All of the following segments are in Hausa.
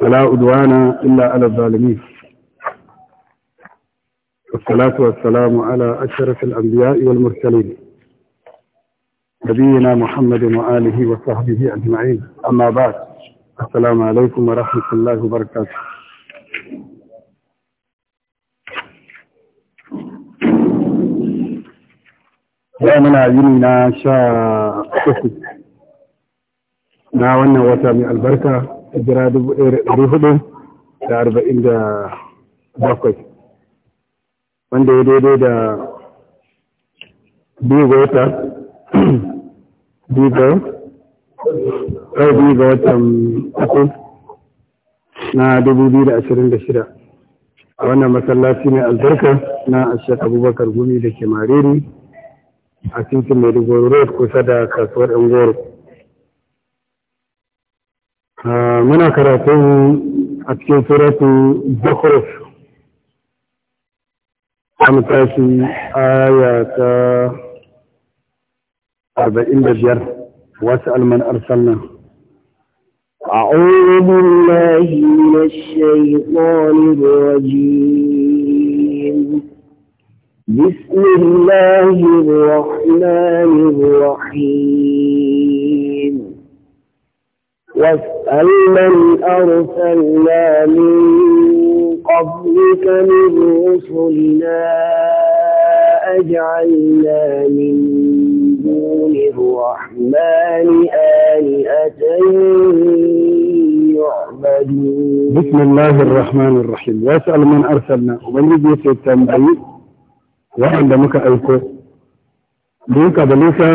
فلا عدوان إلا على الظالمين والصلاة والسلام على أشرف الأنبياء والمرسلين نبينا محمد وآله وصحبه أجمعين أما بعد السلام عليكم ورحمة الله وبركاته يا من عيننا شاء na wannan wata mai albarka jira dubu ɗari da arba'in da bakwai wanda ya daidai da biyu ga wata biyu ga biyu ga watan uku na dubu biyu da ashirin da shida a wannan masallaci mai albarka na ashe abubakar gumi da ke mariri a cikin Maiduguri Road kusa da kasuwar Ngoro. Muna karatun a cikin suratu Bakhruf. An tashi aya ta arba'in da biyar wasu alman arsalna. أعوذ بالله من الشيطان الرجيم بسم الله الرحمن الرحيم واسأل من أرسلنا من قبلك من رسلنا أجعلنا من دون الرحمن آلهة يعبدون بسم الله الرحمن الرحيم واسأل من أرسلنا ومن يجي في التنبيه waɗanda muka aiko duka da nisa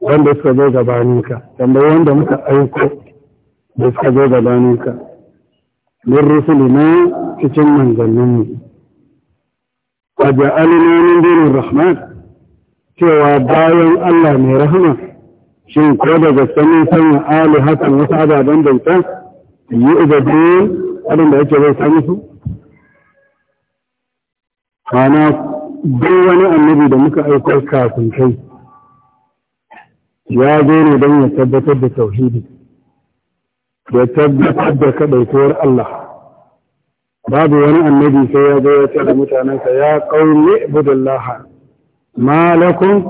wanda suka zo gabaninka tambayi wanda muka aiko da suka zo gabaninka min rusuli na cikin manzanninmu a ja'alina min dinin rahman cewa bayan Allah mai rahama shin ko daga sanin sanya ali hakan wasu ababen bauta yi ubadu abin da yake sami su? kana duk wani annabi da muka aiko kafin kai ya zo ne don ya tabbatar da tauhidi ya tabbatar da kaɗaukowar Allah babu wani annabi sai ya zo ya ce da mutanensa ya ƙauni ibudullah ma an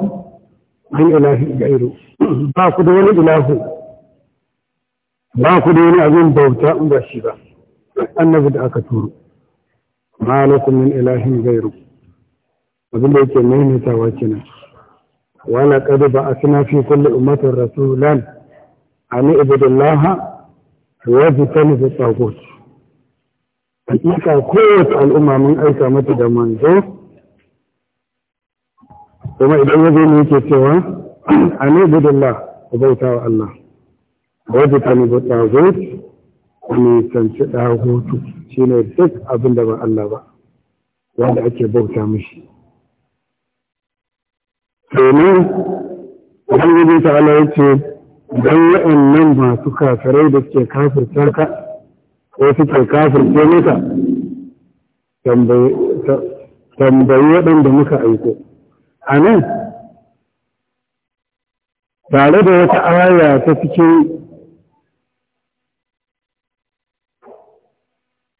min ilahi gairu ba ku da wani ilahu ba ku da wani abin bauta in ba shi ba annabi da aka turu ma lakum min ilahi gairu abin da yake maimaitawa kenan wala qad ba'athna fi kulli ummatin rasulan an ibudullaha wa jitanibu tagut hakika kowace al'umma mun aika mata da manzo kuma idan yazo ne yake cewa an ibudullah ku bauta wa Allah wa jitanibu tagut ne tantance dahutu shine duk abin da ba Allah ba wanda ake bauta mishi domin ubangiji ta ala ya ce don waɗannan masu kafirai da suke kafirta ka ko suke kafirce maka tambayi waɗanda muka aiko a nan tare da wata aya ta cikin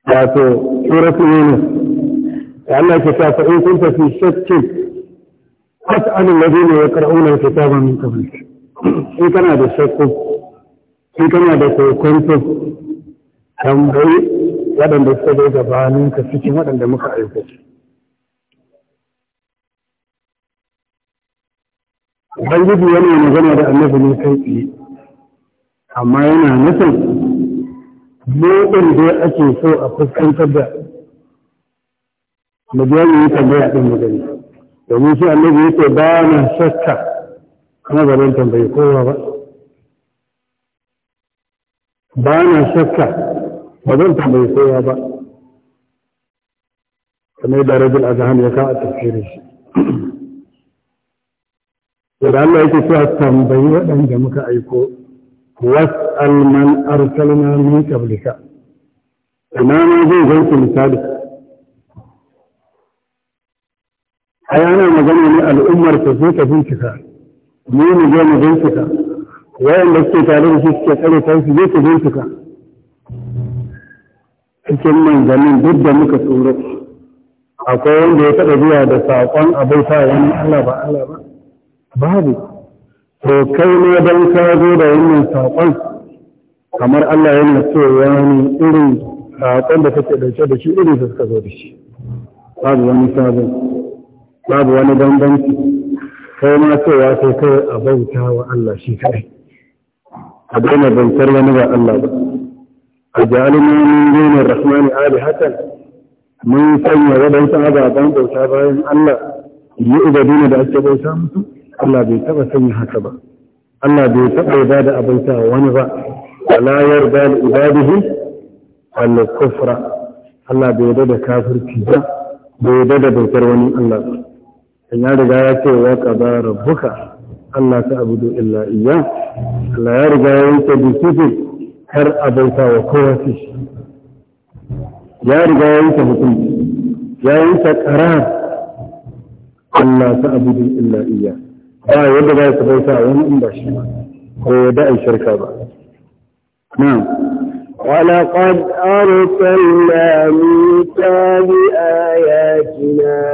wato suratun yunus da Allah ke sa fa'in kun tafi shakkin fas'al alladhina yaqra'una alkitaba min qablik in kana da shakku in kana da kokonto tambayi waɗanda suka zo gabanin ka cikin waɗanda muka Ubangiji yana magana da annabi ne kai tsaye amma yana nufin lokacin da ake so a fuskantar da mu biya mu yi tambaya ɗin magana domin shi annabi yake ba na shakka kuma ba zan tambayi kowa ba ba na shakka ba zan tambayi kowa ba kamar da rajul azhan ya ka a tafsirin shi da Allah yake cewa tambayi waɗanda muka aiko was'al man arsalna min qablika ina ma zai ganku misali a yana magana ne al'ummar ta zo ta bincika mu ne ga mu bincika da suke tare da shi suke tsare ta su zai bincika cikin manzannin duk da muka tsoro akwai wanda ya taɓa zuwa da saƙon abauta wani Allah ba Allah ba babu to kai ne don ka zo da wannan saƙon kamar Allah yana so wani irin saƙon da kake ɗauke da shi irin da suka zo da shi babu wani sabon babu wani bambanci kai ma cewa sai kai a bauta wa Allah shi kai a daina bautar wani ba Allah ba a ja'alna min dunar rahmani Ali alihatan mun sanya wadansu ababen bauta bayan Allah yi ubaduna da ake bauta musu Allah bai taba sanya haka ba Allah bai taba yarda da abauta wani ba wala yarda li ibadihi al-kufra Allah bai yarda da kafirci ba bai yarda da bautar wani Allah ba ya riga ya ce wa qada rabbuka Allah ta abudu illa iya Allah ya riga ya yanke dukkan har a bauta wa kowa shi ya riga ya yanke hukunci ya yanke qarar Allah ta abudu illa iya ba yadda za ka bauta wani in ba shi ba ko da ai shirka ba na'am ولقد أرسلنا موسى بآياتنا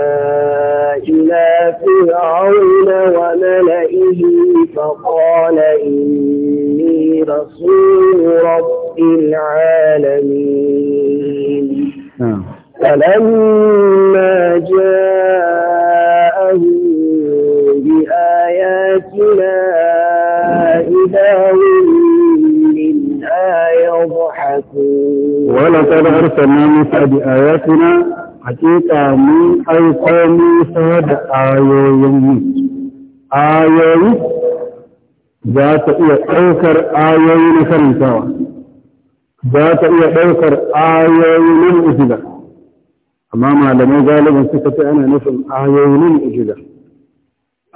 إلى فرعون وملئه فقال إني رسول رب العالمين نعم. فلما جاءه بآياتنا إذا هم يضحكون ولقد أرسلنا موسى بآياتنا حقيقة من أيقى موسى بآيوين آيوين ذات إيه أوكر آيوين كريساوا ذات إيه أوكر آيوين أجلة أما معلمين غالبا سكتي أنا نفهم آيوين أجلة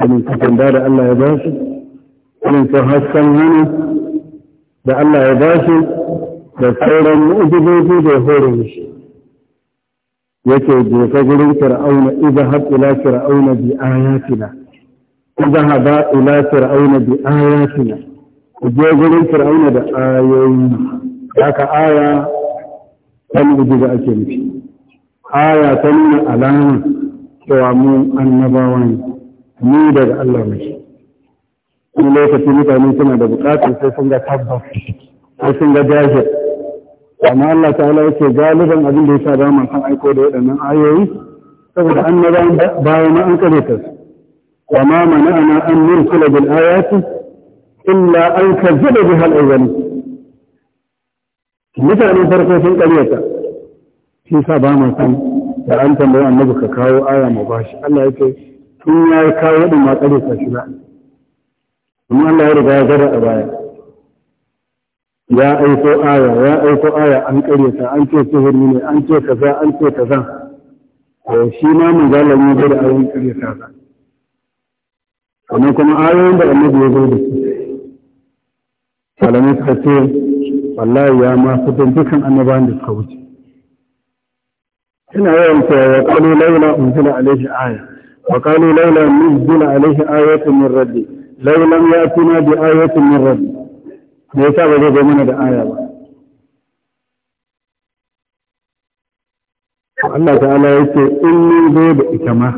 أمن تكن الله يباشي irin ta hasken hannu da Allah ya bashi da sauran mu'ujizoji da hore mishi yake ka gurin fir'auna izhab ila fir'auna bi ayatina izhaba ila fir'auna bi ayatina je gurin fir'auna da ayoyi haka aya ta mu'jiza ake nufi aya ta nuna alama cewa mu annabawa ne ni daga Allah mai wani lokaci mutane suna da bukatar sai sun ga tabbas sai sun ga jahil amma Allah ta'ala yake galiban abin da ya ba mu kan aiko da waɗannan ayoyi saboda an annabawan bayan an kare ta wa ma mana ana an kula bil ayati illa an kazzaba bi al awwali Mutane farko sun ƙaryata shi sa ba mu san da an tambayi annabi ka kawo aya mu bashi Allah yake tun ya kawo din ma ƙaryata shi ba amma Allah ya riga ya gada a baya ya aiko aya ya aiko aya an karyata an ce sihiri ne an ce kaza an ce kaza to shi ma mun zalimi ne da ayoyin karyata ba amma kuma ayoyin da annabi ya zo da su malamai suka ce wallahi ya ma su don dukkan annabawan da suka wuce ina yawan cewa ya kalu laula unzila alaihi aya wa kalu laula unzila alaihi ayatun min rabbi laula tuna bi ayatin min rabbi me sa ba zai zo mana da aya ba Allah ta'ala ya ce in mun zo da ita ma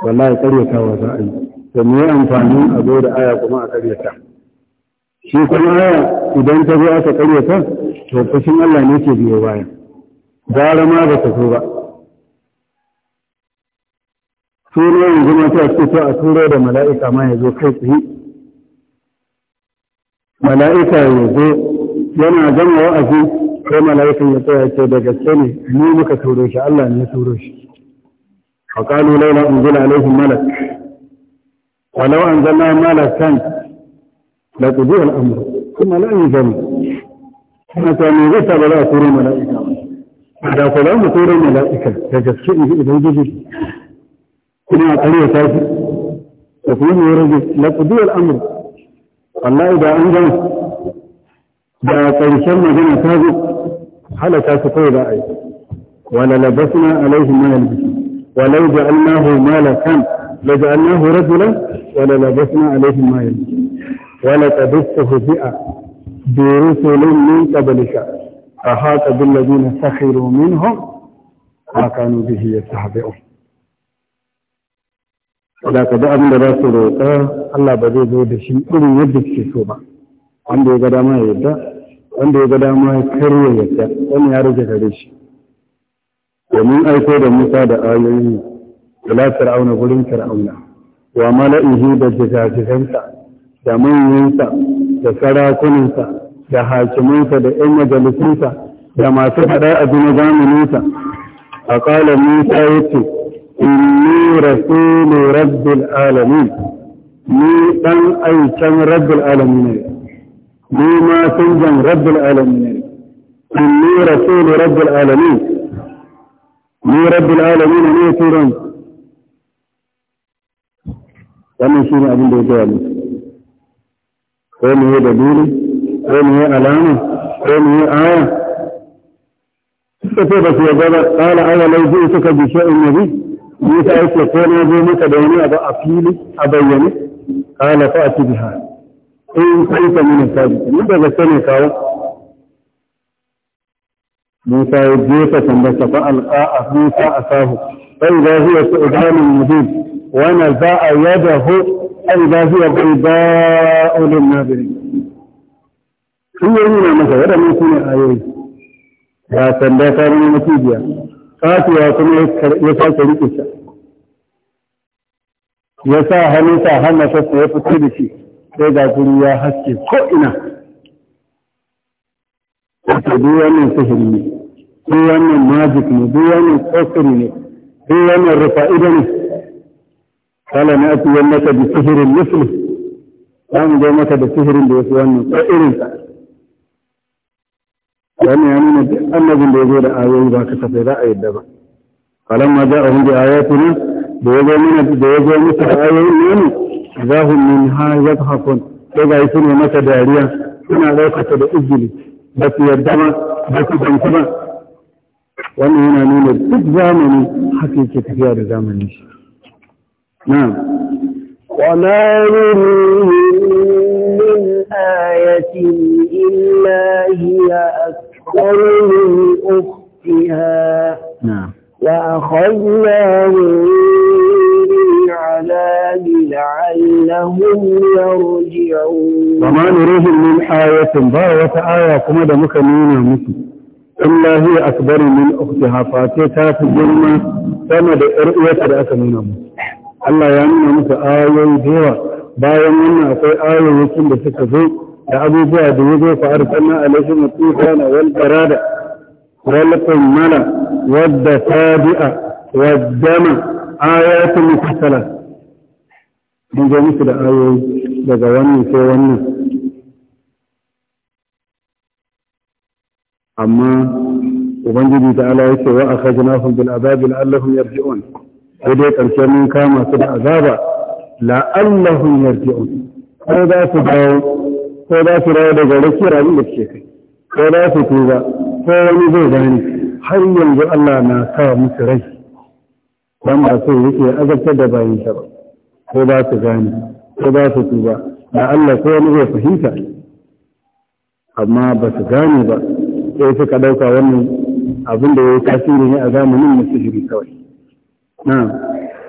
wallahi wa za a yi da yi amfani a zo da aya kuma a karyata shi kuma aya idan ta zo aka karyata to fushin Allah ne ke biyo baya gara ma ba ta zo ba Tura yanzu ma ta ce to a turo da mala'ika ma ya zo kai tsaye mala'ika ya zo yana gama wa'azi ko mala'ikan ya tsaya ce da gaske ne ni muka turo shi Allah ne ya turo shi fa qalu laila unzila alayhi malak wa law anzalna malakan la tudhi al amr kuma la yuzam kuma ta ne ga ta bala za turo mala'ika da ko mu turo mala'ika da gaske ne idan gidi kuma a kare ta shi da kuma ne rage la qudi al amr amma idan an gan da ƙarshen magana ta zo halaka su kawai za a yi wala labasna alaihim ma yalbisu walau ja'alnahu malakan la ja'alnahu rajulan wala labasna alaihim ma yalbisu wala qad istahzi'a bi rusulin min qablika ahata bil ladina sakhiru minhum ma kanu bihi yastahzi'un da ka da abin da za su roƙa Allah ba zai zo da shi irin yadda suke so ba wanda ya ga dama ya yadda wanda ya ga dama ya karya yadda wani ya rage gare shi domin aiko da Musa da ayoyi lafiyar fir'auna gurin fir'auna wa mala'ihi da jigajigansa da manyansa da sarakunansa da hakimansa da 'yan majalisunsa da masu faɗa a jini zamaninsa a ƙalar Musa ya ce inni rasulu rabbil alamin ni dan aikan rabbil alamin ni ma tunjan rabbil alamin ne inni rasulu rabbil alamin ni rabbil alamin ne turan wannan shine abin da ya gaya musu ko mu yi dalili ko mu yi alama ko mu yi aya suka ce ba su yarda ba qala awalau ji'tuka bi shay'in nabi Musa ya ce ko na zo maka da wani abu a fili a bayyane kala fa ati biha in kai ka mun sabi ni da gaske ne kawo Musa ya jefa tambayar fa alqa Musa asahu fa idza huwa su'dan mubin wa naza'a yadahu fa idza huwa bayda'u lin nadirin sun yi nuna masa waɗannan su ne ayoyi ba sanda ta nuna mutijiya katuwa kuma ya sake riƙe ta ya sa hannun sa hannun sa ya fito da shi sai ga guri ya haske ko ina wato duk wannan sihiri ne duk wannan magic ne duk wannan kofiri ne duk wannan rufa'ida ne kala na ati yi mata da sihirin muslim zamu mu zo mata da sihirin da ya fi wannan ko sa wannan ya nuna duk annabin da ya zo da ayoyi ba ka tafi za a yadda ba falamma ja'ahum bi ayatina da ya zo mana da ya zo musu ayoyin ne zahum min ha yadhakun sai ga su ne masa dariya suna ɗaukata da izini ba su yarda ba ba su bantu ba wannan yana nuna duk zamani haka yake tafiya da zamanin shi na'am وما يريهم من آية إلا هي أخرى من أختها نعم. وأخذناه بالعذاب لعلهم يرجعون وما نريهم من آية باوة آية كما دمك من مثل إلا هي أكبر من أختها فاتيتها في الجنة كما دئرئية دأك نونا الله يعني مثل آية ديوة باوة منا أقول آية يكون بسكة da abubuwa da ya zo fa arsalna alaihim tufana wal barada wal qummala wad dasabi'a wad dama ayatun mufassalat mun zo musu da ayoyi daga wannan sai wannan amma ubangiji ta ala yake wa akhajnahum bil azabi la'allahum yarji'un sai dai karshe mun kama su da azaba la'allahum yarji'un har za su dawo ko za su rawa daga rakiyar abin da suke kai ko za su tuba ko wani zai gani har yanzu Allah na sa musu rai ban ba so yake azabtar da bayin ba ko ba su gani ko ba su tuba da Allah ko wani zai fahimta amma ba su gane ba sai suka ɗauka wannan abin da ya yi tasiri ne a zamanin musu kawai na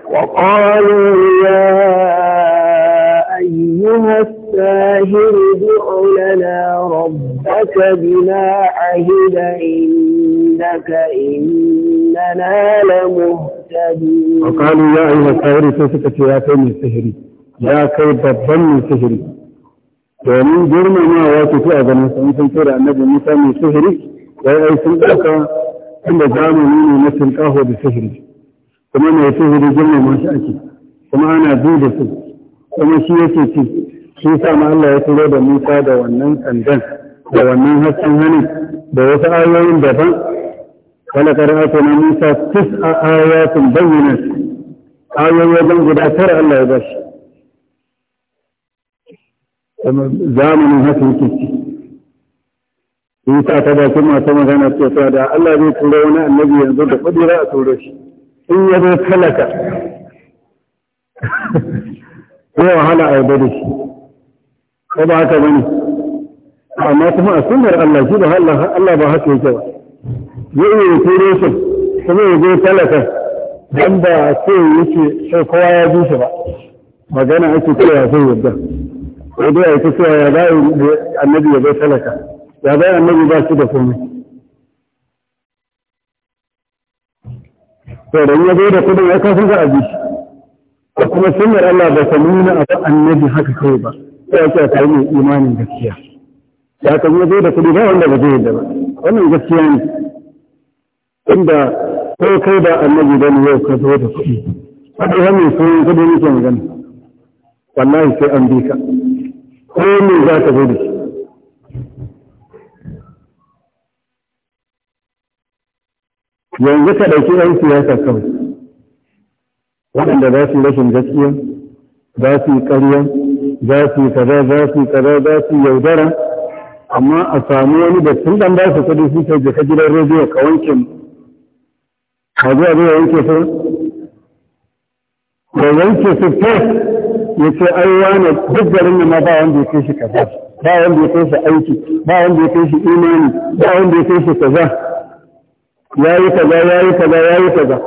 وقالوا ya أيها الساهر دع لنا ربك بما عهد إنك إننا لمهتدون وقالوا يا أيها الساهر سوفك يا كيم السهري يا كيم ببن السهري ومن جرم ما واتت أذن سنسل ترى النبي موسى من السهري وهي أي سنبقى عند جامل من مثل قهوة بالسهري كما ما يسهري جرم ما شأكي كما أنا دودة سنبقى kuma shi yake ce shi sa ma Allah ya turo da Musa da wannan sandan da wannan hasken hani da wasu ayoyin daban wala qara'atu na Musa tis'a ayatin bayyinat ayoyi wajen guda tara Allah ya bashi zamanin haka yake ci Musa ta kuma masu magana ce da Allah zai turo wani annabi yanzu da kudura a turo shi in ya zo talaka ya wahala a yarda da shi ko ba haka bane amma kuma a sunnar Allah shi ba Allah Allah ba haka yake ba ya yi kore shi kuma ya zo talaka dan ba sai yake sai kowa ya ji shi ba magana ake cewa sai yarda ko dai ake cewa ya ga annabi ya zo talaka ya ga annabi ba shi da komai to dan ya zo da kudin ya kafa ga abi da kuma sunar Allah ba ta nuna abu annabi haka kawai ba ta ya a ta yi imanin gaskiya ya kan zo da kudi ba wanda ba zai da ba wannan gaskiya ne inda ko kai da annabi don yau ka zo da kudi haka wannan sun kudi nake magana wallahi sai an bi ka ko ne za ka zo da shi yanzu ka ɗauki ɗan siyasa kawai waɗanda za su rashin gaskiya za su yi ƙarya za su yi kaza za su yi kaza za su yaudara amma a samu wani da sun dan ba su kuɗi su sai jika gidan rediyo ka wanke mu ka a zai wanke su da wanke su fes ya ce ai wane duk garin ma ba wanda ya kai shi kaza ba wanda ya kai shi aiki ba wanda ya kai shi imani ba wanda ya kai shi kaza ya yi kaza ya yi kaza ya yi kaza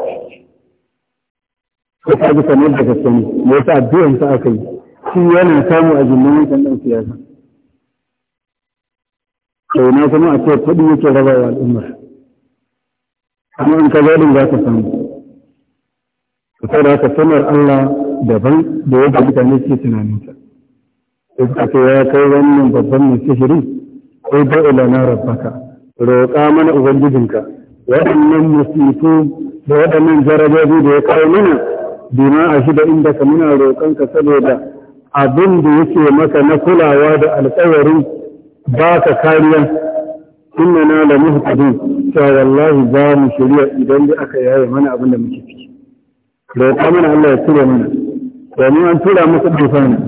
ko ta ji kamar da ka sani me yasa addu'an sa aka yi shi yana samu a jinnan kan dan siyasa to na kuma a ce kuɗi yake raba wa al'umma amma in ka zaɗin za ka samu Ka sai da haka sanar Allah daban da yadda mutane ke tunaninsa sai suka ce ya kai wannan babban mai sihiri kai ko da ilana rabbaka roƙa mana ubangijinka waɗannan musifu da waɗannan jarabobi da ya kawo mana bima a shida inda ka muna roƙonka saboda abin da yake maka na kulawa da alƙawarin ba ka kariya inna na da muhtadin cewa wallahi za mu shirya idan da aka yaye mana abin da muke ciki roƙa mana Allah ya tura mana domin an tura musu dufana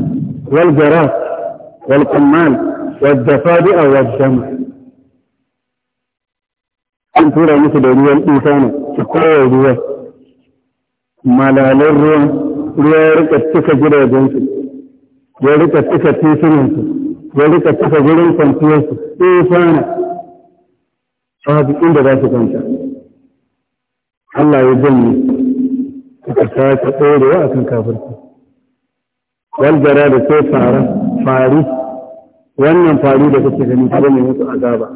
wal jara wal qammal wal dafadi'a wal jama an tura musu da ruwan dufana su kowa ruwa malalan ruwan ruwa ya rika cika gidajensu ya rika cika titunansu ya rika cika gurin kwanciyarsu tsofana eh, babu inda za su kwanta Allah ya janye suka sake ɗorewa akan kafirci waljara da sai fara fari wannan fari da kake gani ta ne musu azaba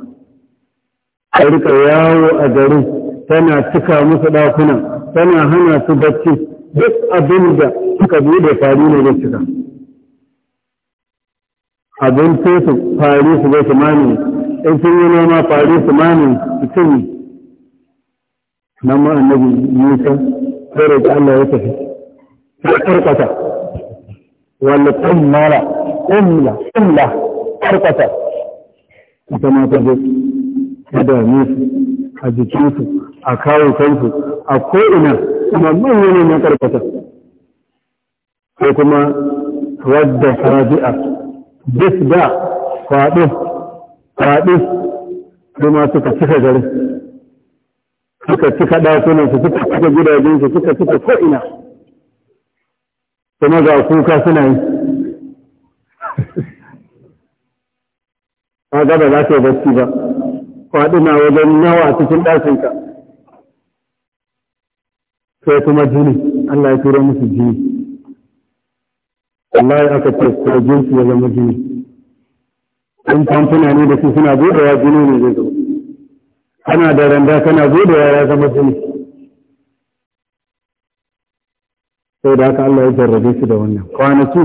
a rika yawo a garin tana cika musu ɗakuna tana hana su bacci duk abin da suka bude fari ne da cika abin su fari su zai su mani in sun yi noma fari su mani su cin nan ma annabi Musa sai roƙi Allah ya tafi ta karkata wanda tsammara umla umla karkata ita ma ta je ta dame su a jikinsu a kawo kansu a ko'ina kuma manyan ne na karfata ko kuma wadda faraji'a bis da faɗi faɗi kuma suka cika gari suka cika ɗakunansu suka cika gidajensu suka cika ko'ina kuma ga kuka suna yi ba gaba za ka yi bacci ba faɗi na wajen nawa cikin ɗakinka sai kuma jini Allah ya turo musu jini wallahi aka ce ko jinsu ya zama jini in kamfuna ne da su suna buɗewa jini ne zai zo kana da randa kana buɗewa ya zama jini sai da haka Allah ya jarrabe su da wannan kwanaki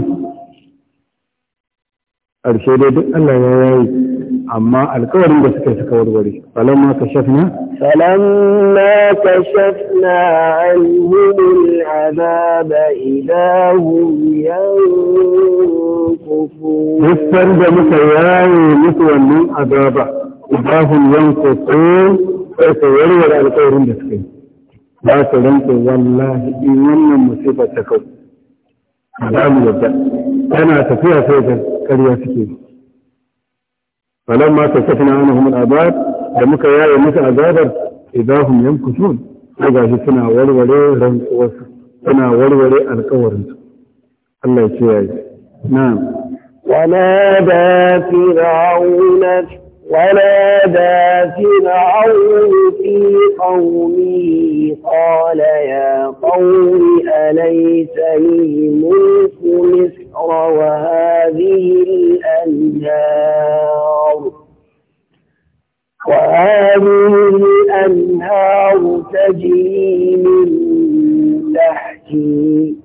ƙarshe dai duk Allah ya yayi amma alkawarin da suka suka warware falamma kashafna falamma kashafna anhum azaba idan hum yanqufun dukkan da muka yaye musu wannan azaba idha hum yanqufun sai su warware alkawarin da suka yi ba su rantsa wallahi in wannan musibar ta kau ba mu yadda tana tafiya sai da ƙarya suke فلما كشفنا عنهم العذاب دمك يا يمك عذابا اذا هم يمكثون اذا شفنا ولولي رن وسنا ولولي القورن الله يشفي نعم ونادى فرعون ونادى فرعون في قومه قال يا قوم أليس لي ملك مصر وهذه الأنهار وهذه الأنهار تجري من تحتي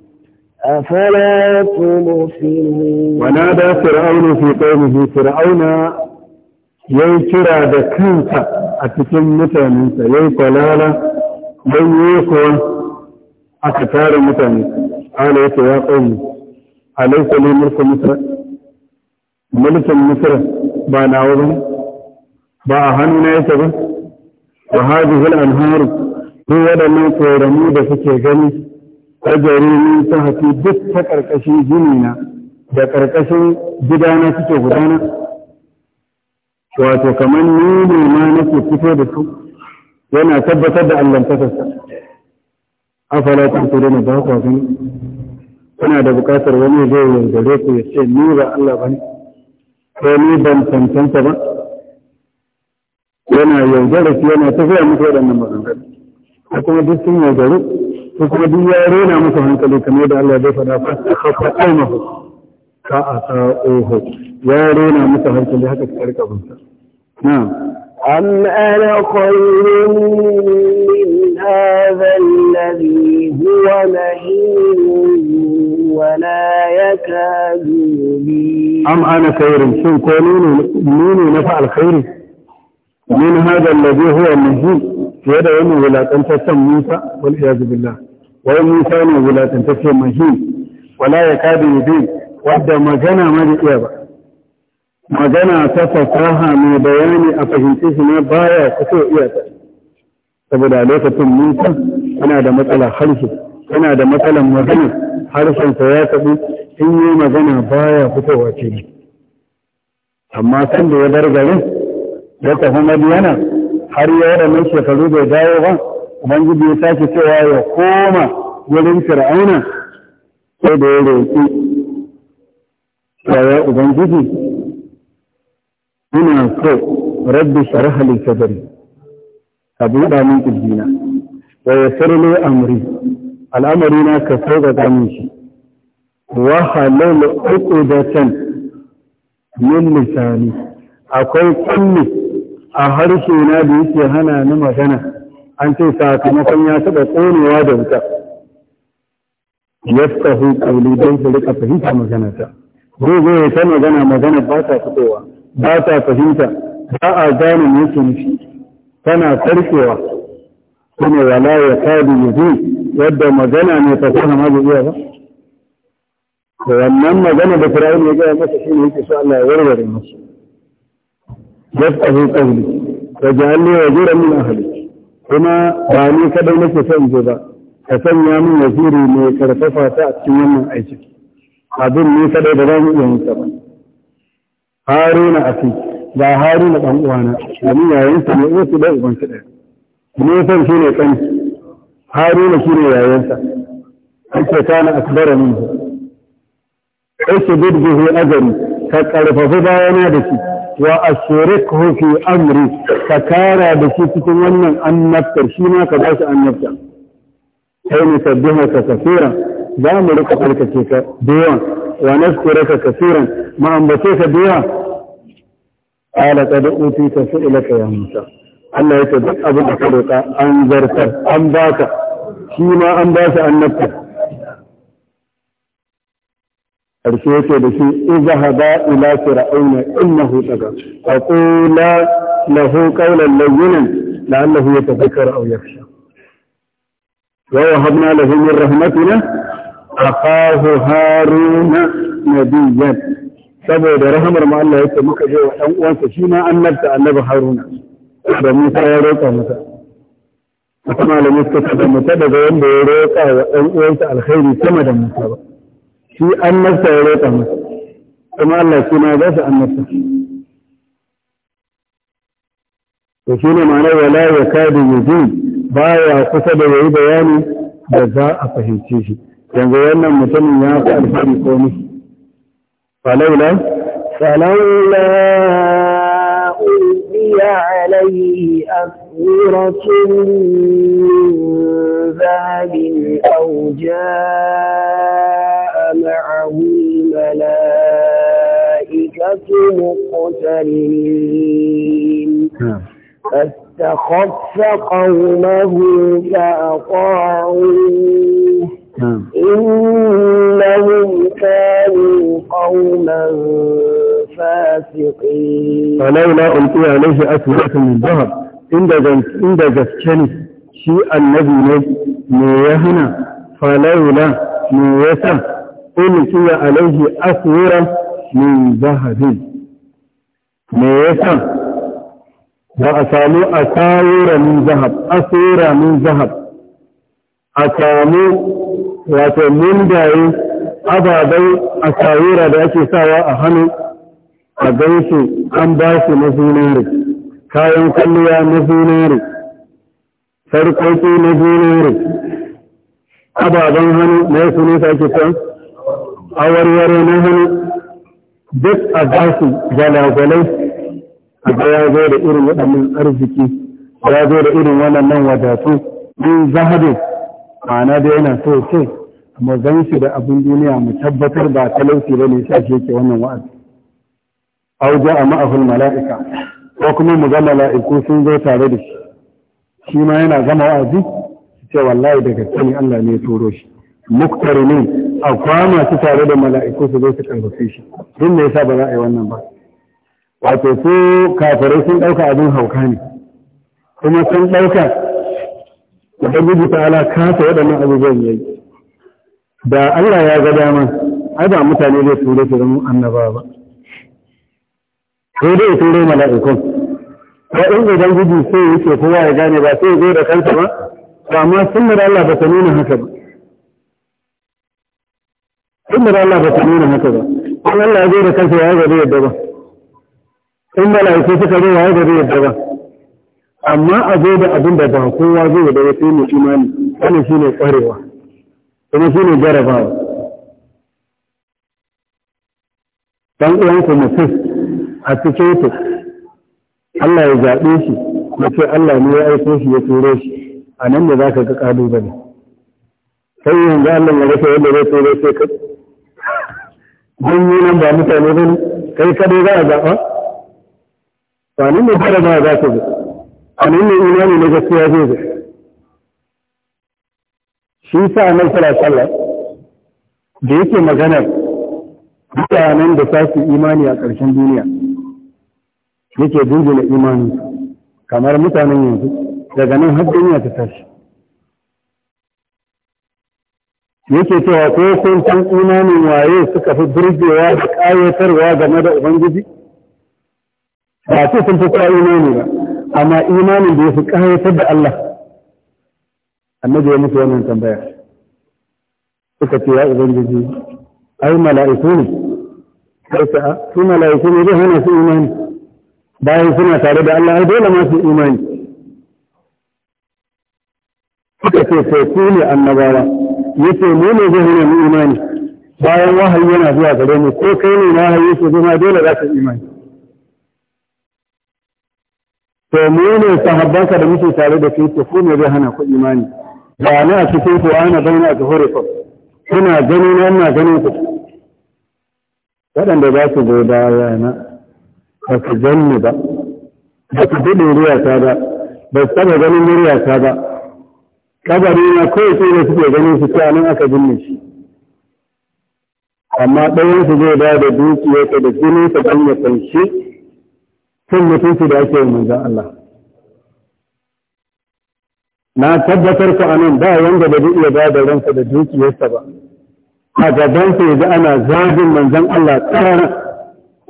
أفلا تبصرون ونادى فرعون في قومه فرعون كرا ذكرك أتكلم متى منك ينكر don yi kuwa aka tare mutane ana yake ya ƙauni alaisa ne mulkin misra mulkin misra ba na wurin ba a hannu na yake ba wa hadihil anharu ko waɗannan koramu da suke gani ajarin ta hafi duk ta ƙarƙashin gini na da ƙarƙashin gidana suke gudana wato kamar ni ne ma nake fito da su yana tabbatar da allantakarsa a ta turu da ba ku gani kuna da buƙatar wani zai yaudare ku ya ce ni ba Allah ba ne ko ni ban tantanta ba yana yaudare su yana ta gaya muku waɗannan maganganu ko kuma duk sun yaudare ko kuma duk ya rena musu hankali kamar da Allah zai faɗa fa a qaumahu ka asa'uhu ya rena muku hankali haka ka rika bunsa na'am أم أنا خير من هذا الذي هو مهين ولا يكاد يبين أم أنا خير شو كونين مين نفع الخير من هذا الذي هو مهين في هذا يوم ولا تنسى موسى والعياذ بالله ويوم موسى ولا تنسى مهين ولا يكاد يبين وعد ما جنى ما يبين magana ta fasaha mai bayani a fahimci shi na baya fito iya ta saboda lokacin musa yana da matsala harshe yana da matsalan magana harshensa ya taɓi in yi magana baya fitowa ce amma san da ya bar garin ya tafi madiyana har ya yi ranar shekaru bai dawo ba ubangiji ya tashi cewa ya koma wurin fir'auna sai da ya roƙi ya ubangiji ina so rabbi sharha li sadri ka min kirjina wa yassir li amri al'amari na ka ga min shi wa halal uqudatan min lisani akwai kulli a harshe na da yake hana ni magana an ce sakamakon ya taɓa ƙonewa da wuta yafkahu qawli dan su riƙa fahimta maganata zai zo ya ta magana magana ba ta fitowa ba ta fahimta ba a gane me yake nufi tana karkewa kuma wala ya ya zo yadda magana ne ta kuma ma iya ba da wannan magana da fir'aun ya gaya masa shine yake so Allah ya warware masa yafahu qawli wa ya waziran min ahli kuma ba ni kadai nake son je ba ka sanya min waziri mai karfafa ta a cikin wannan aiki abin ne kadai da mu iya yin ba haruna a fi ga haruna ɗan uwana domin yayansa ne wasu ɗan su ɗaya nufan shi ne ƙanki haruna shi ne yayansa an ce kana akbara min ashidid bihi azari ka ƙarfafi bayana da shi wa ka fi amri ka kara da shi cikin wannan annabtar shi ma ka an annabta sai ne sabbin ka kafira za mu rika tsarkake ka da yawan ونذكرك كثيرا ما أنبتيك بها قال قد أوتيت سئلك يا موسى الله يتدق أبو الخلق أنذرت أنباك فيما أنباك ان أنك أرسيت بشيء اذهبا إلى فرعون إنه تقى فقولا له قولا لينا لعله يتذكر أو يخشى ووهبنا له من رحمتنا akahu haruna nabiyyan saboda rahamar ma Allah yake muka je wa dan uwansa shi ma annabta annabi haruna da Musa ya roƙa masa wasu malamai suka ce da Musa daga wanda ya roƙa wa dan uwansa alkhairi sama da Musa ba shi annabta ya roƙa masa kuma Allah shi ma za su annabta to shi ne ma'anar wala ya kadu yaji ba ya kusa da yayi bayani da za a fahimce shi yanzu wannan mutumin ya fi alfari ko ne falaula falaula ulqiya alayhi aswiratun zahabin aw jaa ma'ahu malaa'ikatu muqtarinin فاستخف قومه فأطاعوه إنهم كانوا قوما فاسقين فلولا ألقي عليه أسوأة من ذهب إن جسكني shi annabi ne me ya hana falaula me ya sa ulkiya alaihi aswira min zahabin me ya sa ba a samu asawira min zahab zahab a samu wato mundaye ababai a kawura da ake sawa a hannu a gansu an ba su na zinare kayan kalliya na zinare sarƙoƙi na zinare ababen hannu na yasu nesa ake kan awarware na hannu duk a ba su galagwalai a ga ya zo da irin waɗannan arziki ya zo da irin waɗannan wadatu min zahabin ma'ana da yana so ce mu zan shi da abin duniya mu tabbatar ba talauci ba ne sa shi yake wannan wa'azi au amma ma'ahul mala'ika ko kuma mu ga mala'iku sun zo tare da shi shi ma yana gama wa'azi ce wallahi daga kani Allah ne ya turo shi muktarini ne a tare da mala'iku su zo su karfafe shi din ne yasa ba za a yi wannan ba wato su kafirai sun ɗauka abin hauka ne kuma sun ɗauka ubangiji ta ala kasa waɗannan abubuwan yayi da Allah ya ga dama ai ba mutane zai ture su zama annaba ba Sai dai ture mala'ikun ba in idan gudu sai yake kowa ya gane ba sai zo da kansa ba ba amma da Allah ba ta nuna haka ba Sun da Allah ba ta nuna haka ba Allah ya zo da kansa ya ga yadda ba in mala'iku suka zo ya ga yadda ba amma a zo da abin da ba kowa zai da wasu mai imani wani shi ne kwarewa, kuma shi ne jarabawa dan uwanku mutum a cikin ku Allah ya zaɓe shi ce Allah ne ya aiko shi ya turo shi a nan da za ka ga ƙalubale sai ga Allah ya rasa yadda zai turo sai ka yi nan ba mutane ba ne kai kadai za a zaɓa ba nan da jarabawa za ka zo al'ummar imani na gaskiya zai zai shi sa nan sallallahu da yake maganar mutanen da za su imani a ƙarshen duniya yake dingina imani kamar mutanen yanzu daga nan har duniya ta tashi yake cewa ko kun san imanin waye suka fi burgewa da ƙayatarwa game da ubangiji ba ce sun fi kwa imani ba amma imanin da ya fi ƙayatar da Allah annabi ya mutu wannan tambaya suka ce ya ubangiji ai mala'iku ne sai ta su mala'iku ne zai hana su imani bayan suna tare da Allah ai dole ma su imani suka ce sai ku ne annabawa yace mu ne zai hana mu imani bayan wahayi yana zuwa gare mu ko kai ne na wahayi su zama dole za ka imani to mu ne sahabbanka da muke tare da kai to ko zai hana ku imani ba a cikin ku ana bayyana a zuhurikum kuna gani na ina ganin ku waɗanda za su zo baya na ba su ganni ba ba su buɗe muryata ba ba su taɓa ganin muryata ba kabari na kawai sai da suke ganin su ta nan aka binne shi amma ɗayan su zai da dukiyarsa da jininsa don ya fanshe sun mutunci da ake manzan Allah na tabbatar ku a nan ba wanda ba iya ba da ransa da dukiyarsa ba a ana zagin manzan Allah tsara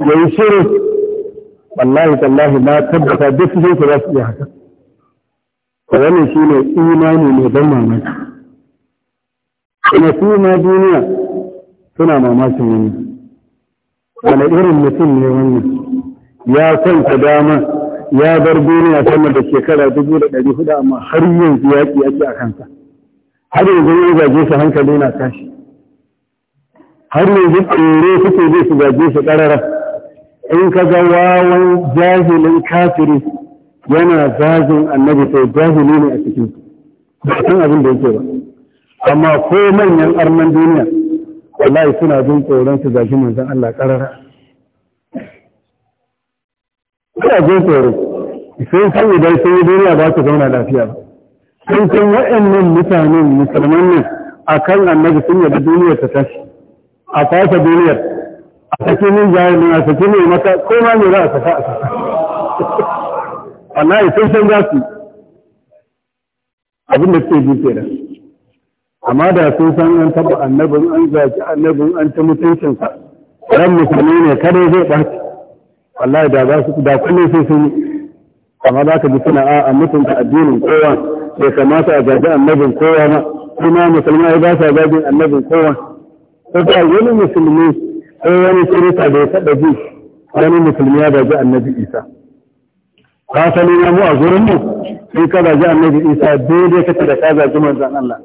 ya yi shiru wallahi tallahi na tabbata duk cikin ku za su iya haka wannan shi ne imani mai ban mamaki kuma su ma duniya suna mamakin wani wani irin mutum ne wannan ya kwanta dama ya bar duniya sama da shekara dubu da ɗari hudu amma har yanzu yaƙi ake a kansa har yanzu ya zage su hankali na tashi har yanzu tsoro suke zai su zage su ƙarara in ka ga wawan jahilin kafiri yana zagin annabi sai jahili ne a cikin ba san abin da yake ba amma ko manyan arnan duniya wallahi suna jin tsoron su zagi manzon Allah ƙarara Ina jin tsoro, sun san idan sun yi duniya ba su zauna lafiya ba. Sun san wa'annan mutanen musulman ne a kan annabi sun yabi duniyar ta tashi, a fasa duniyar, a saki min jahilin, a saki mai mata, ko ma ne za a saka a saka. Wallahi sun san za su abin da suke ji kenan. amma da sun san an taba annabin an zaki annabin an ta mutuncinsa ran musulmi ne kare zai ɓaci wallahi da za su da kullum sai sun amma za ka ji suna a mutunta addinin kowa bai kamata a gaji annabin kowa ba kuma ya ba sa gajin annabin kowa ko ba wani musulmi ko wani kirista bai taɓa ji wani musulmi ya gaji annabi isa ka sani na mu a gurin mu sai ka gaji annabi isa daidai kake da ka gaji manzan Allah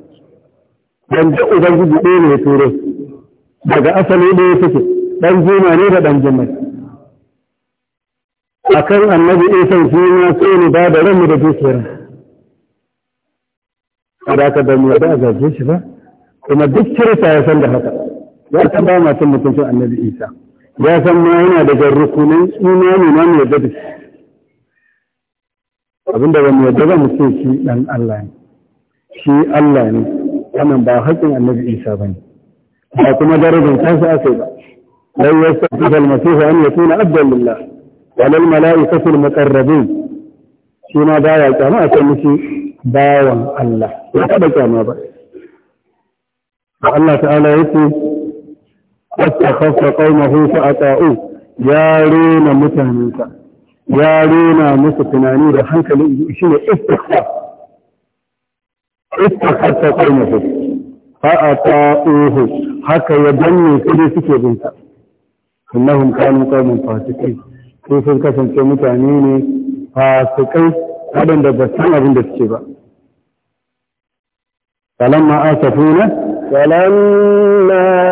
dan da ubangiji ɗaya ne ya turo daga asali ɗaya suke dan jima ne da dan jimai a kan annabi isan su na so ne ba da ranmu da dukiyar a da aka damu da a zarge shi ba kuma duk kirista ya san da haka ya san ba masu mutuncin annabi isa ya san ma yana daga rukunin imani na mai yadda da shi abinda ba mu yadda ba mu ce shi dan Allah ne shi Allah ne wannan ba haƙƙin annabi isa ba ne ba kuma darajar kansa aka yi ba lai yasa al-masihu an yakuna abdan lillah walal mala'ikatul muqarrabin shi ma baya kyama a kan bawan Allah ya taɓa kyama ba Allah ta'ala ya ce wata kafa ƙaunahu fa a ta'u ya rena ka. ya rena musu tunani da hankali shi ne istikfa istikfa ta ƙaunahu fa a ta'uhu haka ya danne su ne suke binsa innahum kanu qauman fasiqin sun sun kasance mutane ne fasikai waɗanda ba san abin da suke ba falamma asafuna falamma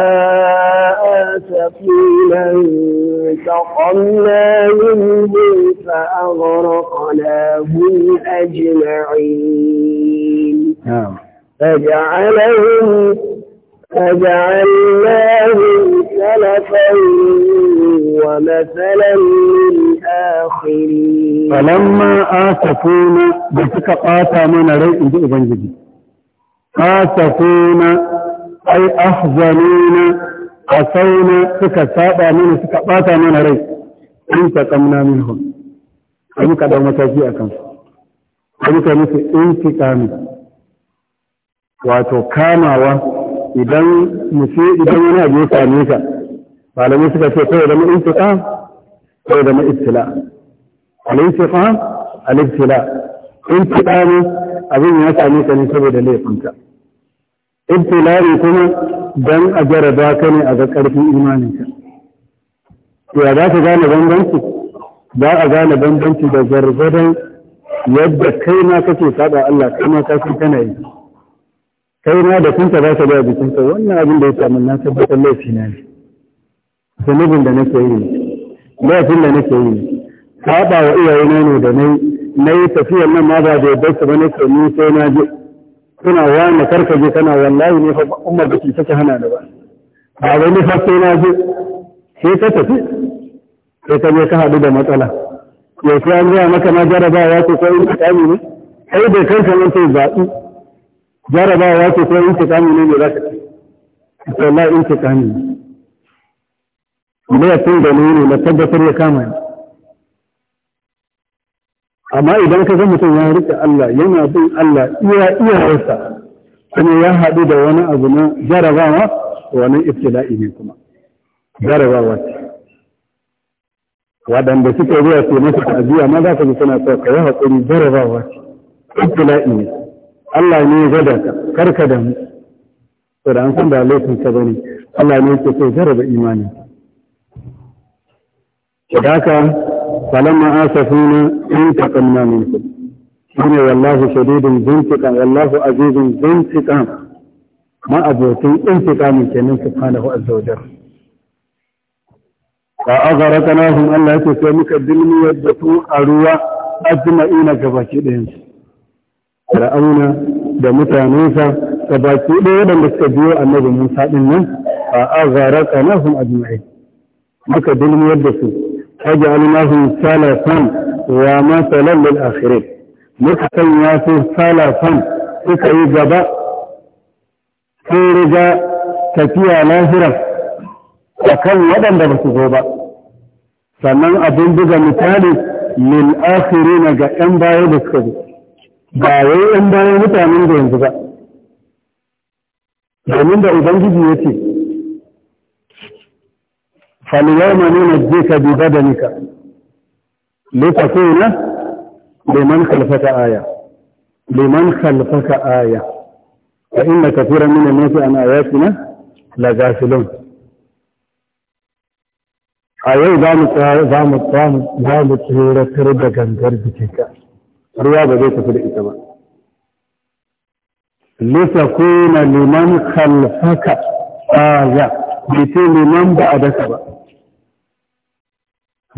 سفينا انتقمنا منهم فأغرقناهم أجمعين فجعلهم فجعلناهم سلفا ومثلا للآخرين فلما آسفونا بسك قاتا من رئيس إذا إبنجدي آسفونا أي أحزنونا أصونا سك سابا من سك قاتا من رئيس أنت قمنا منهم أنك دو متاجي أكم أنك مثل أنت كامل واتو كاموا إذا مسيء إذا أنا أبيت أميكا malamai suka ce kai zama intiqa kai zama ibtila al-intiqa al-ibtila intiqa ne abin ya same ka ne saboda laifinka ibtila ne kuma dan a jaraba ka ne a ga karfin imaninka ya za ka gane bambanci za a gane bambanci da gargadon yadda kai ma kake saba Allah kai ma kasan kana yi kai ma da kunta za ka da jikinka wannan abin da ya samu na tabbatar laifi na ne zunubin da nake yi laifin da nake yi saba wa iyayena ne da nai na yi tafiyar nan ma ba da yadda su ba nake ni sai na je kuna na karka je kana wallahi ne fa umar da ke take hana da ba ba wani fa sai na je sai ta tafi sai ta je ka haɗu da matsala yau sai an gaya maka na jarabawa ce ko in ka ne sai da kanka nan sai zaɓi jarabawa ce ko in ka ne ne za ka ce wallahi in ka ne mutum da ne na tabbatar ya kama ni amma idan ka ga mutum ya rika Allah yana bin Allah iya rasa kuma ya haɗu da wani abu na jarabawa wani ibtila'i ne kuma jarabawa ce waɗanda suke zuwa su masa ta'aziyya ma za ka ji suna so ka yi haƙuri jarabawa ce ibtila'i ne Allah ne ya gada ka karka da mu to da an san da lokacin ka bane Allah ne yake so jaraba imani haka falamma asafuna in taqamna minkum shine wallahu shadidun zintiqam wallahu azizun zintiqam ma abotin intiqamin kenan subhanahu azza wa jalla fa aghraqnahum Allah yake sai muka dilmi yadda su a ruwa ajma'ina gabaki ɗayan su fir'auna da mutanensa gabaki ɗaya waɗanda suka biyo annabi Musa din nan fa aghraqnahum ajma'in muka dilmi yadda su wajalnahu salafan wa masalan lil akhirin muka sanya su salafan suka yi gaba sun riga tafiya lahiran. a kan waɗanda ba su zo ba sannan abin buga misali lil akhirin ga 'yan baya da suka zo ba wai 'yan baya mutanen da yanzu ba domin da ubangiji ya ce فاليوم ننجيك ببدنك لتكون لمن خلفك آية لمن خلفك آية فإن كثيرا من الناس عن آياتنا لغافلون أيوه دام دام دام دام تهيرة تردى كان ترد كيكا رياضة بيت في الإتباع لتكون لمن خلفك آية bai ne nan ba a daka ba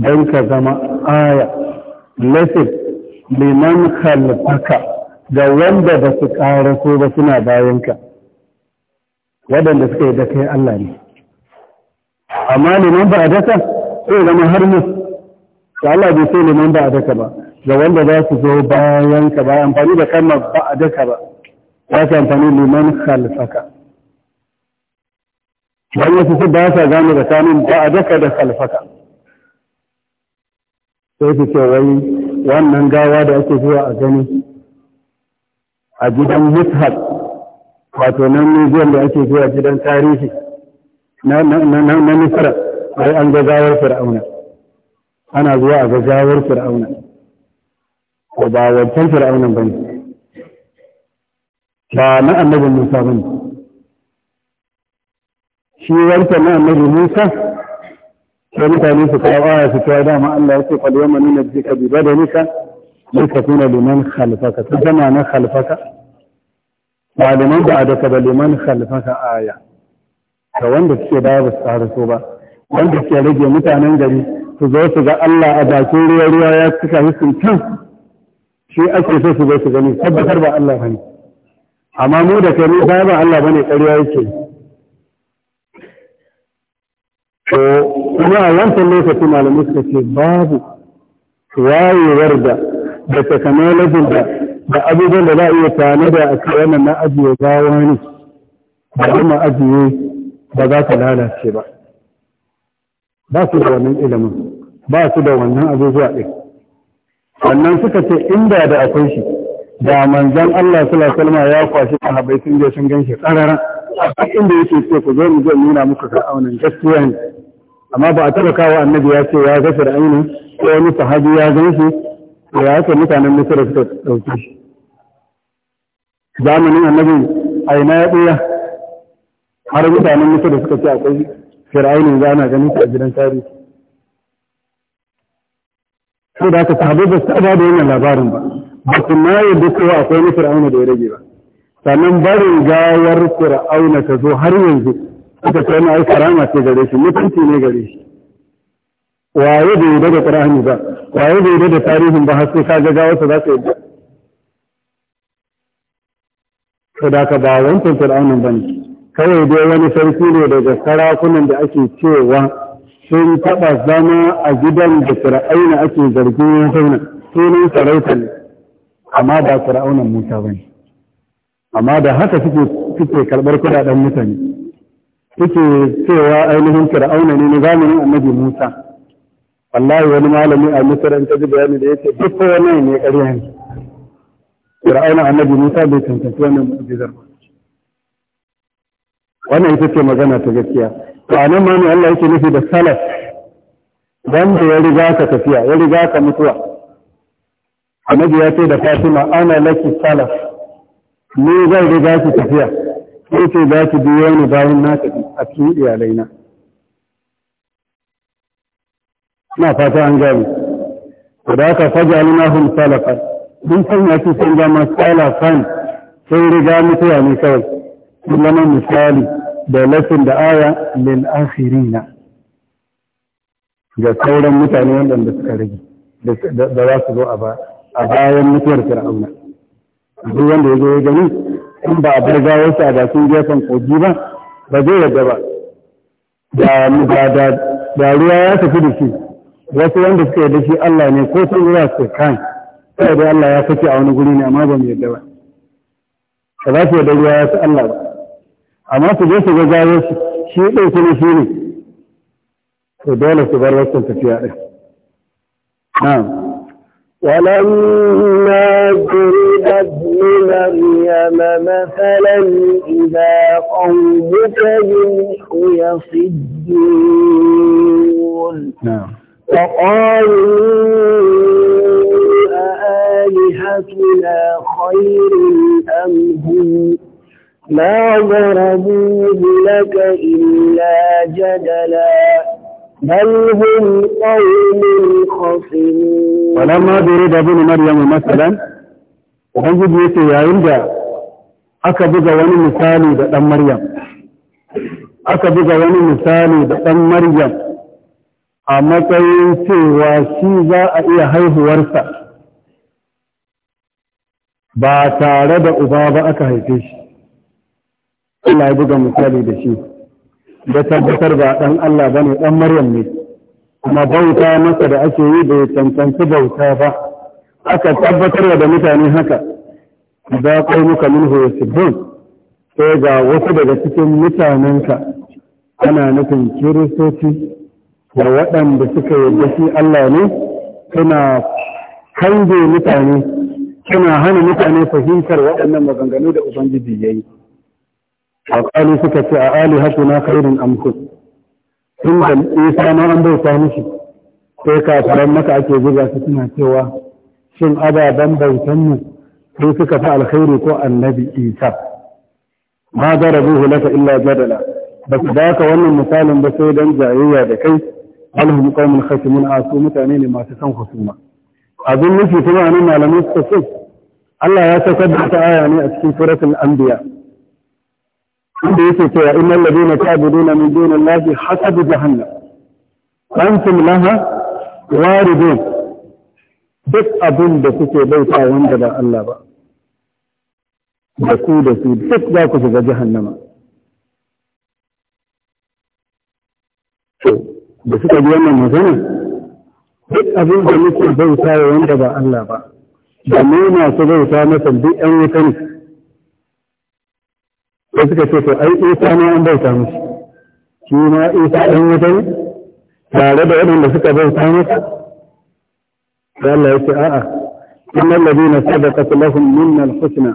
don ka zama aya lasif liman khalfaka ga wanda ba su ko ba suna bayanka waɗanda suka yi da kai Allah ne amma liman ba a daka sai zama har mu da Allah bai sai liman ba a daka ba ga wanda za su zo bayanka ba amfani da kama ba a daka ba za su amfani liman khalfaka wani wasu su ba sa gane tsakanin ba a daka da kalfaka sai su ce wai wannan gawa da ake zuwa a gani a gidan mushaf wato nan museum da ake zuwa gidan tarihi na misra wai an ga gawar fir'auna ana zuwa a ga gawar fir'auna ko ba wancan fir'aunan ne? ba na annabin musa bane shi wancan na annabi Musa sai mutane su kawo aya su kawo dama Allah ya ce qad yamanu najika bi badanika yakuna liman khalfaka ta zama na khalfaka ba liman da adaka ba liman khalfaka aya ga wanda suke da ba su fara so ba wanda suke rage mutanen gari su zo su ga Allah a bakin ruwa ruwa ya cika su can shi ake so su zo su gani tabbatar ba Allah bane amma mu da kai ba Allah bane ƙarya yake kuma a wancan lokaci malamai suka ce babu wayewar da da technology da da abubuwan da za a iya tanada a kai wannan na ajiye gawa ne da kuma ajiye ba za ka lalace ba ba su da wannan ilimin ba su da wannan abubuwa ɗin wannan suka ce inda da akwai shi da manzan Allah sallallahu alaihi ya kwashi sahabbai sun je sun ganshi karara inda yake ce ku zo mu zo nuna muku fir'aunan gaskiya ne amma ba a taba kawo annabi ya ce ya ga fir'auna ko wani sahabi ya gan shi to ya ce mutanen misra suka dauke shi zamanin annabi a ina ya tsaya har mutanen misra suka ce akwai fir'auni za na ganin ta a gidan tarihi sai da aka sahabi ba su taba da yin labarin ba ba su ma yadda cewa akwai na fir'auna da ya rage ba sannan barin gawar fir'auna ta zo har yanzu aka ce na karama ce gare shi mutunci ne gare shi waye bai yarda da qur'ani ba waye bai yarda da tarihin ba har sai ka ga gawarsa za ka ba to da ka ba wancan fir'aunin ne kawai dai wani sarki ne daga sarakunan da ake cewa sun taɓa zama a gidan da fir'auna ake zargin ya zauna sunan sarauta ne amma ba fir'aunan musa ne amma da haka suke suke karɓar kuɗaɗen mutane yake cewa ainihin fir'auna ne na zamanin annabi Musa wallahi wani malami a Misr an bayani da yake duk wani ne ƙarya ne fir'auna annabi Musa bai tantance wannan mu'jizar ba wannan ita ce magana ta gaskiya to anan ma ne Allah yake nufi da salaf wanda ya riga ka tafiya ya riga ka mutuwa annabi ya ce da Fatima ana laki salaf ni zai riga ki tafiya sai ce za ki biyo ni bayan na tafi a cikin iyalaina na fata an gani da aka faja alinahun salafan mun sanya su sun zama salafan sai riga mutuwa ne kawai zama misali da lafin da aya lil akhirina ga sauran mutane waɗanda suka rage da za su zo a bayan mutuwar fir'auna duk wanda ya zo ya gani in ba a bar gawarsa a bakin gefen kogi ba ba zai yadda ba da ruwa ya tafi da shi wasu wanda suka yadda shi Allah ne ko sun ruwa su kan sai dai Allah ya kace a wani guri ne amma ba mu yadda ba ka za su yadda ruwa ya su Allah ba amma su je su ga gawo shi shi ɗauki kuma shi ne to dole su bar wasu tafiya ɗin na'am ولما ابن مريم مثلا إذا قومك منه يصدون وقالوا نعم. أآلهتنا خير أم هم ما ضربوه لك إلا جدلا بل هم قوم خصمون ولما ضرب ابن مريم مثلا yayin da aka buga wani misali da ɗan maryam aka buga wani misali da ɗan maryam a matsayin cewa shi za a iya haihuwarsa ba tare da uba ba aka haife shi Allah buga misali da shi da tabbatar ba ɗan Allah ba ne ɗan Maryam ne, kuma bauta masa da ake yi bai cancanci bauta ba, aka tabbatar da mutane haka, za kai muka min hoyosibun, sai ga wasu daga cikin mutanenka ana nufin kiristoci da waɗanda suka yarda shi Allah ne suna kange mutane, suna hana mutane fahimtar waɗannan maganganu da Ubangiji ya yi. faƙalu suka ce a alihatu na kairin amkum tun da isa ma an bauta mishi sai kafaran maka ake buga su suna cewa shin ababen bautan mu sai suka fi alkhairi ko annabi isa ma hulata illa jadala ba su baka wannan misalin ba sai dan jayayya da kai alhum qaumun khasimun asu mutane ne masu san husuma abin nufi kuma nan malamai suka Allah ya saukar da ta aya ne a cikin suratul anbiya inda yake cewa innal ladina ta'buduna min dunillahi hasabu jahannam antum laha waridun duk abin da kuke bauta wanda ba Allah ba da ku da su duk za ku shiga jahannama da suka ji wannan magana duk abin da muke bauta wanda ba Allah ba da mu masu bauta masa duk ɗan wuta sai suka ce to ai isa ne an bauta mishi shi ma isa ɗan wata ne tare da waɗanda suka bauta masa da Allah ya ce a'a inna alladhina sadaqat lahum minna al-husna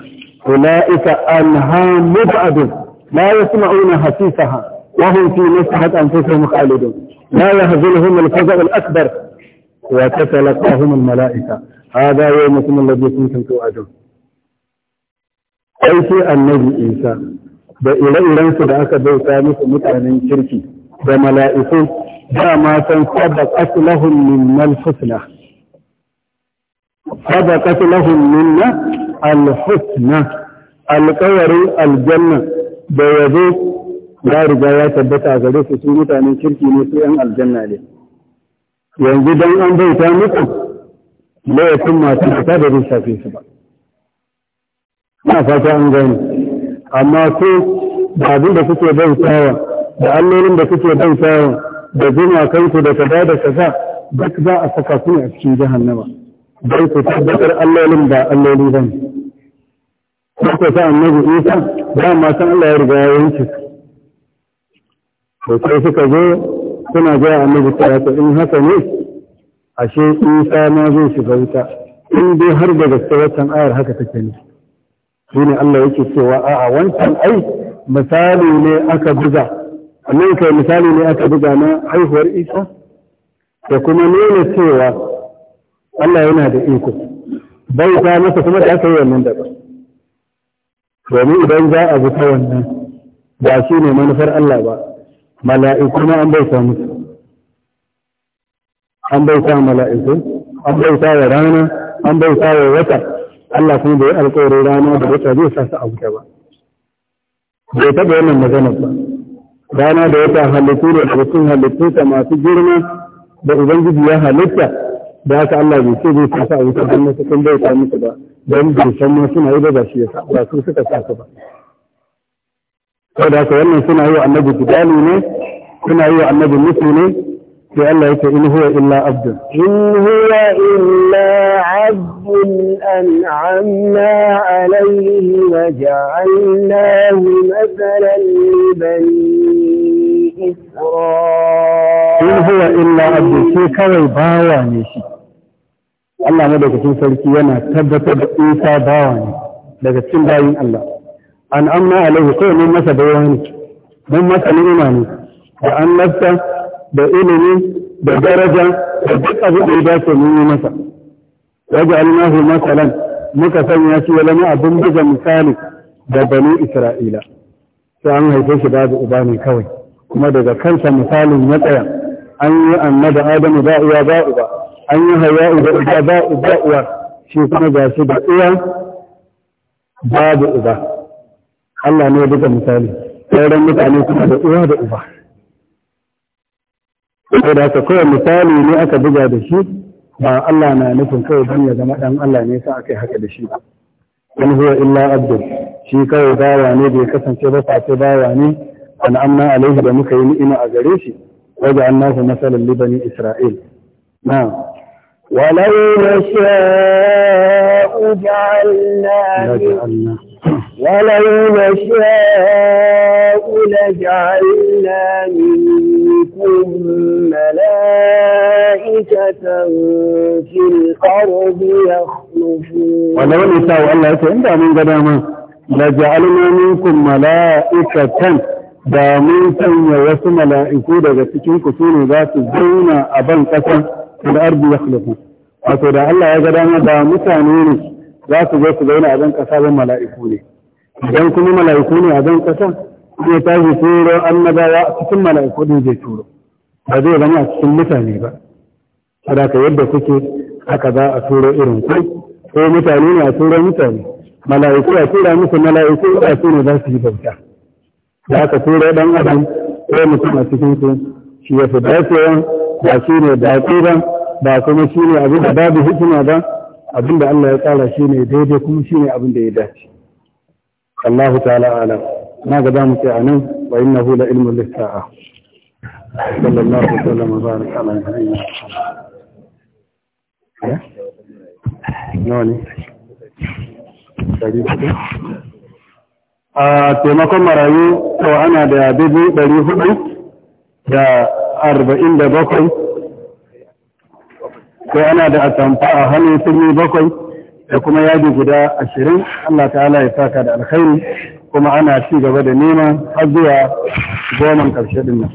ulaika anha mubadun la yasma'una hasisaha wa hum fi nasihat anfusihim khalidun la yahzunuhum al-faza' al-akbar wa tatalaqahum al-mala'ika هذا يومكم الذي كنتم توعدون أي شيء النبي إنسان da ire-irensu da aka bauta musu mutanen kirki da mala'iku dama matan sabaqat lahum min al-husna sabaqat lahum minna al-husna alƙawarin aljanna da yazo ya riga ya tabbata gare su su mutanen kirki ne su ‘yan aljanna ne yanzu don an bauta musu laifin masu fita da zai shafe su ba na fata an gani amma ko da abin da suke bautawa da allolin da kuke bautawa da gumakanku da kaza da kaza ba za a saka su a cikin jahannama dai ku tabbatar allolin ba alloli ba ne ko sa annabi Isa da ma san Allah ya riga ya yanke to sai suka zo suna ga annabi ta in haka ne ashe Isa ma zai shiga wuta in dai har da gaskiyar wannan ayar haka take ne shine Allah yake cewa a'a wancan ai misali ne aka buga annan kai misali ne aka buga na haihuwar Isa da kuma nuna cewa Allah yana da iko bai ta masa kuma da aka yi wannan ba domin idan za a bi ta wannan ba shi ne manufar Allah ba mala'iku ma an bauta musu an bauta mala'iku an bauta wa rana an bauta wa wata Allah kuma bai alƙawarin rana da wata zai sa su a ba bai taɓa wannan magana ba rana da wata halittu da halittun halittu ta masu girma da ubangiji ya halitta da haka Allah bai ce zai sa su a wuta don masu bai sa musu ba don bai san ma suna yi ba ba shi ya sa ba su suka sa su ba sau da haka wannan suna yi wa annabi gudali ne suna yi wa annabi musu ne sai Allah ya ce in huwa illa abdul in huwa illa عبد أنعمنا عليه وجعلناه مثلا لبني إسرائيل إن هو إلا عبد الشيخ ويباواني الله ما دك شو سلكي وانا تبت بإيسا باواني دك شو باين الله أنعمنا عليه قوم مسا بواني من مسا لإيماني وأن مسا بإيماني بدرجة بدقة بإيباسة من مسا waja'alnahu masalan muka sanya shi ya zama abin buga misali da bani isra'ila sai an haife shi babu uba ne kawai kuma daga kansa misalin ya tsaya an yi annabi adamu ba uwa ba uba an yi hawa da uba ba uba uwa shi kuma ga shi da uwa babu uba Allah ne buga misali sauran mutane kuma da uwa da uba saboda haka kawai misali ne aka buga da shi ba Allah na nufin kawai don ya zama ɗan Allah ne sa aka yi haka da shi ba in huwa illa abdul shi kawai bawa ne bai kasance ba face bawa ne an'amna alaihi da muka yi ni'ima a gare shi waje an nasu masalan libani isra'il na ولو نشاء جعلنا ولو نشاء لجعلنا منكم ملائكة بَيْتَةً فِي الْأَرْضِ يَخْلُفُونَ ولو نساء الله يتعين دامين قداما لجعلنا منكم ملائكة دامين سنيا وسم ملائكو دغا cikin ku sune za su zauna a ban kasan fil ardi yakhlufu wato da Allah ya ga dama da mutane ne za su zo su zauna a ban kasa ban mala'iku ne idan kuma mala'iku ne a ban kasa zai tashi turo annabawa cikin mala'iku ne zai turo ba zai zama a cikin mutane ba saboda yadda kuke haka za a turo irin ku ko mutane ne a turo mutane mala'iku a tura musu mala'iku a su ne za su yi bauta da aka turo dan adam ko mutum a cikin su shi ya fi dacewa ba shi ne da ba ba kuma shi ne abin da babu hikima ba abin da Allah ya tsara shi ne daidai kuma shi ne abin da ya dace Allahu ta'ala alam na ga za mu ce anan wa innahu la ilmun lis-sa'a sallallahu alaihi wa sallam wa baraka ala nabiyyina Eh? a taimakon marayu to ana da dubu ɗari hudu da arba'in da bakwai ko ana da atamfa a hannun sirri bakwai da kuma yadi guda ashirin Allah ta'ala ya saka da alkhairi kuma ana ci gaba da neman har zuwa goma ƙarshe ɗin nan